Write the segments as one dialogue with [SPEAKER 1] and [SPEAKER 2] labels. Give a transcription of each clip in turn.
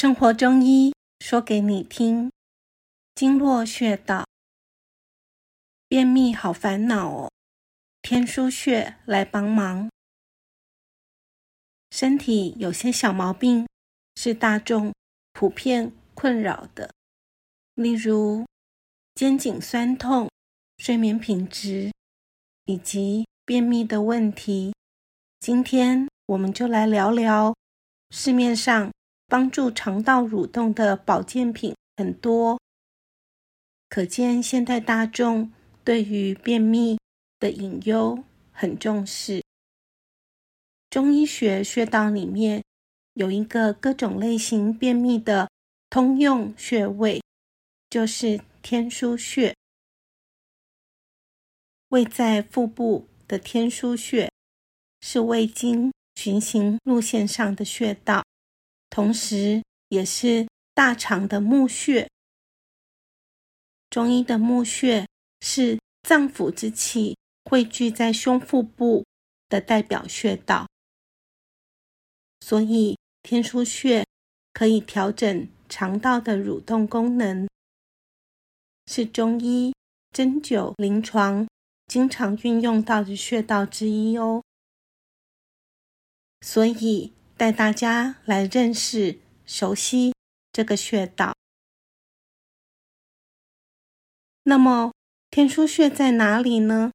[SPEAKER 1] 生活中醫說給你聽，經絡穴道，便秘好煩惱哦，天樞穴來幫忙。
[SPEAKER 2] 身體有些小毛病，是大眾
[SPEAKER 1] 普遍困擾的，例如肩頸酸痛、睡眠品質、以及便秘的問題。今天我們就來聊聊市面上，幫助腸道蠕動的保健品很多，可見現代大眾對於便秘的隱憂很重視。中醫學穴道裡面有一個各種類型便秘的通用穴位，就是天樞穴。位在腹部的天樞穴，是胃經循行路線上的穴道。同時，也是大腸的募穴。中醫的募穴是臟腑之氣匯聚在胸腹部的代表穴道，所以天樞穴可以調整腸道的蠕動功能，是中醫針灸臨床經常運用到的穴道之一哦。所以。帶大家來認識、熟
[SPEAKER 2] 悉這個穴道。那麼，
[SPEAKER 1] 天樞穴在哪裡呢？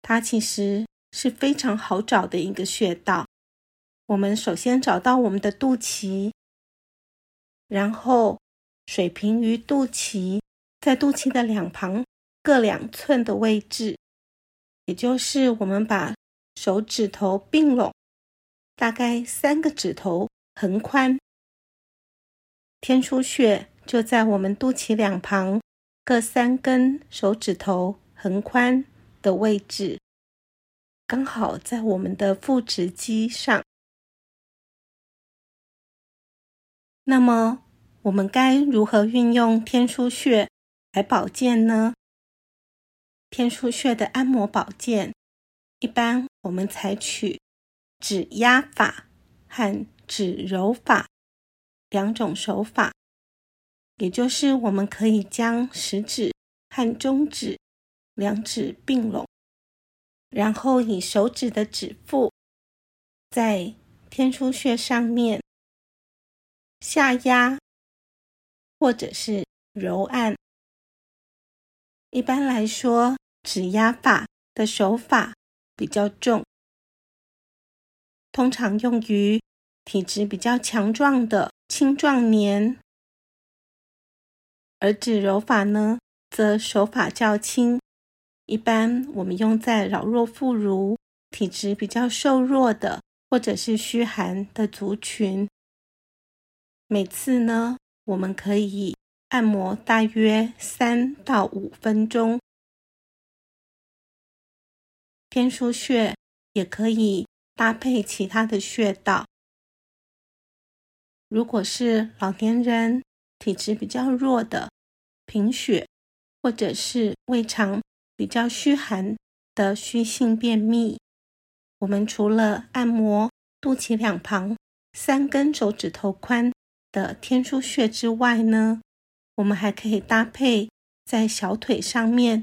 [SPEAKER 1] 它其實是非常好找的一個穴道。我們首先找到我們的肚臍，然後水平於肚臍，在肚臍的兩旁各兩寸的位置，也就是我們把手指頭併攏。大概三個指頭橫寬，天樞穴就在我們肚臍兩旁各三根手指頭橫寬的位置，剛好在我們的腹直肌上。那麼我們該如何運用天樞穴來保健呢？天樞穴的按摩保健，一般我們採取，指壓法和指揉法兩種手法，也就是我們可以將食指和中指兩指併攏，然後以手指的指腹在天樞穴上面
[SPEAKER 2] 下壓或者是揉按。一般來說，指壓法的手法比較重。通常用於體質比較強壯
[SPEAKER 1] 的青壯年，而指揉法呢，則手法較輕，一般我們用在老弱婦孺、體質比較瘦弱的或者是虛寒的族群。每次呢，我們可以按摩大約三
[SPEAKER 2] 到五分鐘。天樞穴
[SPEAKER 1] 也可以。搭配其他的穴道，如果是老年人體質比較弱的、貧血或者是胃腸比較虛寒的虛性便秘，我們除了按摩肚臍兩旁三根手指頭寬的天樞穴之外呢，我們還可以搭配在小腿上面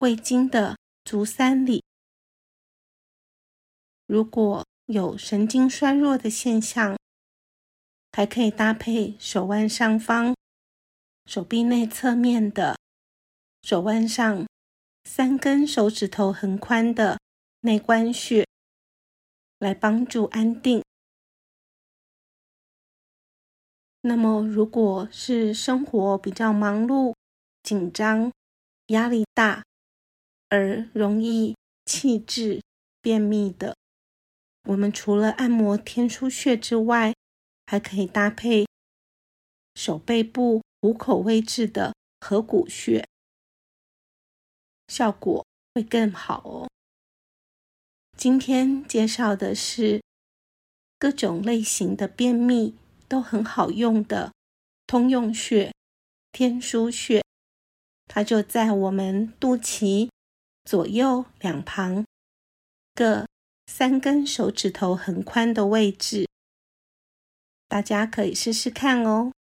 [SPEAKER 1] 胃經的足三里。如果有神經衰弱的現象，還可以搭配手腕上方、手臂內側面的、手腕上三根手指頭橫寬的內關
[SPEAKER 2] 穴，來幫助安定。
[SPEAKER 1] 那麼，如果是生活比較忙碌、緊張、壓力大，而容易氣滯便秘的。我們除了按摩天樞穴之外，還可以搭配手背部虎口位置的合谷穴，
[SPEAKER 2] 效果會更好哦。
[SPEAKER 1] 今天介紹的是各種類型的便秘都很好用的通用穴，天樞穴，它就在我們肚臍左右兩旁各。三根手指頭橫寬的位置，大家
[SPEAKER 2] 可以試試看哦。